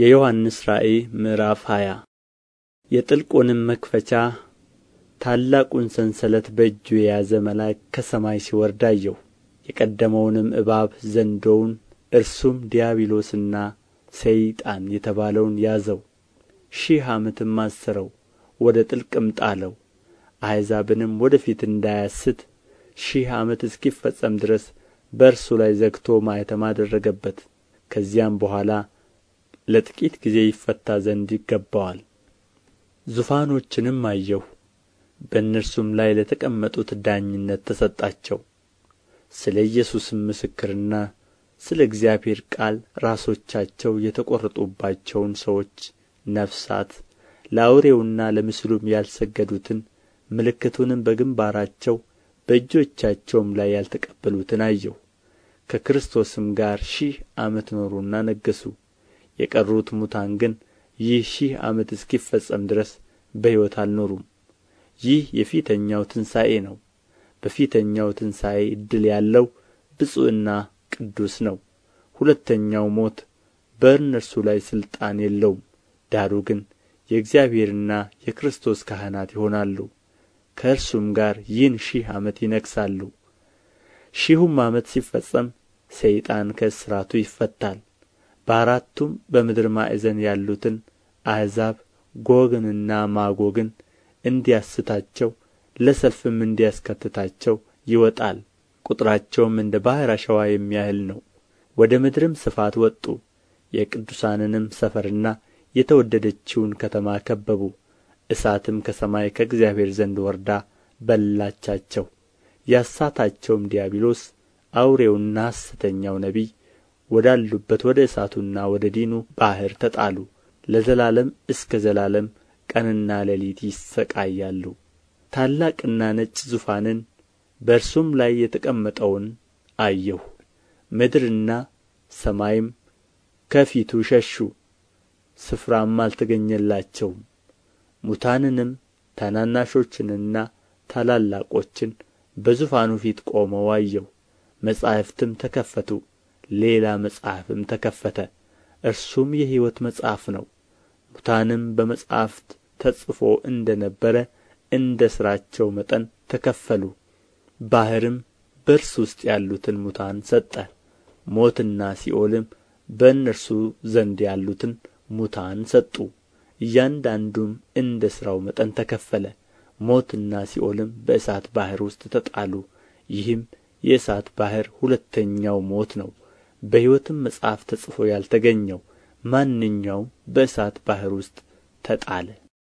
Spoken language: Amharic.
የዮሐንስ ራእይ ምዕራፍ ሃያ የጥልቁንም መክፈቻ ታላቁን ሰንሰለት በእጁ የያዘ መልአክ ከሰማይ ሲወርድ አየሁ። የቀደመውንም እባብ ዘንዶውን እርሱም ዲያብሎስና ሰይጣን የተባለውን ያዘው፣ ሺህ ዓመትም አሰረው፣ ወደ ጥልቅም ጣለው። አሕዛብንም ወደ ፊት እንዳያስት ሺህ ዓመት እስኪፈጸም ድረስ በእርሱ ላይ ዘግቶ ማኅተም አደረገበት። ከዚያም በኋላ ለጥቂት ጊዜ ይፈታ ዘንድ ይገባዋል ዙፋኖችንም አየሁ በእነርሱም ላይ ለተቀመጡት ዳኝነት ተሰጣቸው ስለ ኢየሱስም ምስክርና ስለ እግዚአብሔር ቃል ራሶቻቸው የተቈረጡባቸውን ሰዎች ነፍሳት ለአውሬውና ለምስሉም ያልሰገዱትን ምልክቱንም በግንባራቸው በእጆቻቸውም ላይ ያልተቀበሉትን አየሁ ከክርስቶስም ጋር ሺህ ዓመት ኖሩና ነገሡ የቀሩት ሙታን ግን ይህ ሺህ ዓመት እስኪፈጸም ድረስ በሕይወት አልኖሩም ይህ የፊተኛው ትንሣኤ ነው በፊተኛው ትንሣኤ ዕድል ያለው ብፁዕና ቅዱስ ነው ሁለተኛው ሞት በእነርሱ ላይ ሥልጣን የለውም ዳሩ ግን የእግዚአብሔርና የክርስቶስ ካህናት ይሆናሉ ከእርሱም ጋር ይህን ሺህ ዓመት ይነግሣሉ ሺሁም ዓመት ሲፈጸም ሰይጣን ከእስራቱ ይፈታል በአራቱም በምድር ማዕዘን ያሉትን አሕዛብ ጎግንና ማጎግን እንዲያስታቸው ለሰልፍም እንዲያስከትታቸው ይወጣል ቍጥራቸውም እንደ ባሕር አሸዋ የሚያህል ነው ወደ ምድርም ስፋት ወጡ የቅዱሳንንም ሰፈርና የተወደደችውን ከተማ ከበቡ እሳትም ከሰማይ ከእግዚአብሔር ዘንድ ወርዳ በላቻቸው ያሳታቸውም ዲያብሎስ አውሬውና ሐሰተኛው ነቢይ ወዳሉበት ወደ እሳቱና ወደ ዲኑ ባሕር ተጣሉ ለዘላለም እስከ ዘላለም ቀንና ሌሊት ይሣቀያሉ ታላቅና ነጭ ዙፋንን በእርሱም ላይ የተቀመጠውን አየሁ ምድርና ሰማይም ከፊቱ ሸሹ ስፍራም አልተገኘላቸውም ሙታንንም ታናናሾችንና ታላላቆችን በዙፋኑ ፊት ቆመው አየሁ መጻሕፍትም ተከፈቱ ሌላ መጽሐፍም ተከፈተ እርሱም የሕይወት መጽሐፍ ነው ሙታንም በመጻሕፍት ተጽፎ እንደ ነበረ እንደ ሥራቸው መጠን ተከፈሉ ባሕርም በእርሱ ውስጥ ያሉትን ሙታን ሰጠ ሞትና ሲኦልም በእነርሱ ዘንድ ያሉትን ሙታን ሰጡ እያንዳንዱም እንደ ሥራው መጠን ተከፈለ ሞትና ሲኦልም በእሳት ባሕር ውስጥ ተጣሉ ይህም የእሳት ባሕር ሁለተኛው ሞት ነው በሕይወትም መጽሐፍ ተጽፎ ያልተገኘው ማንኛውም በእሳት ባሕር ውስጥ ተጣለ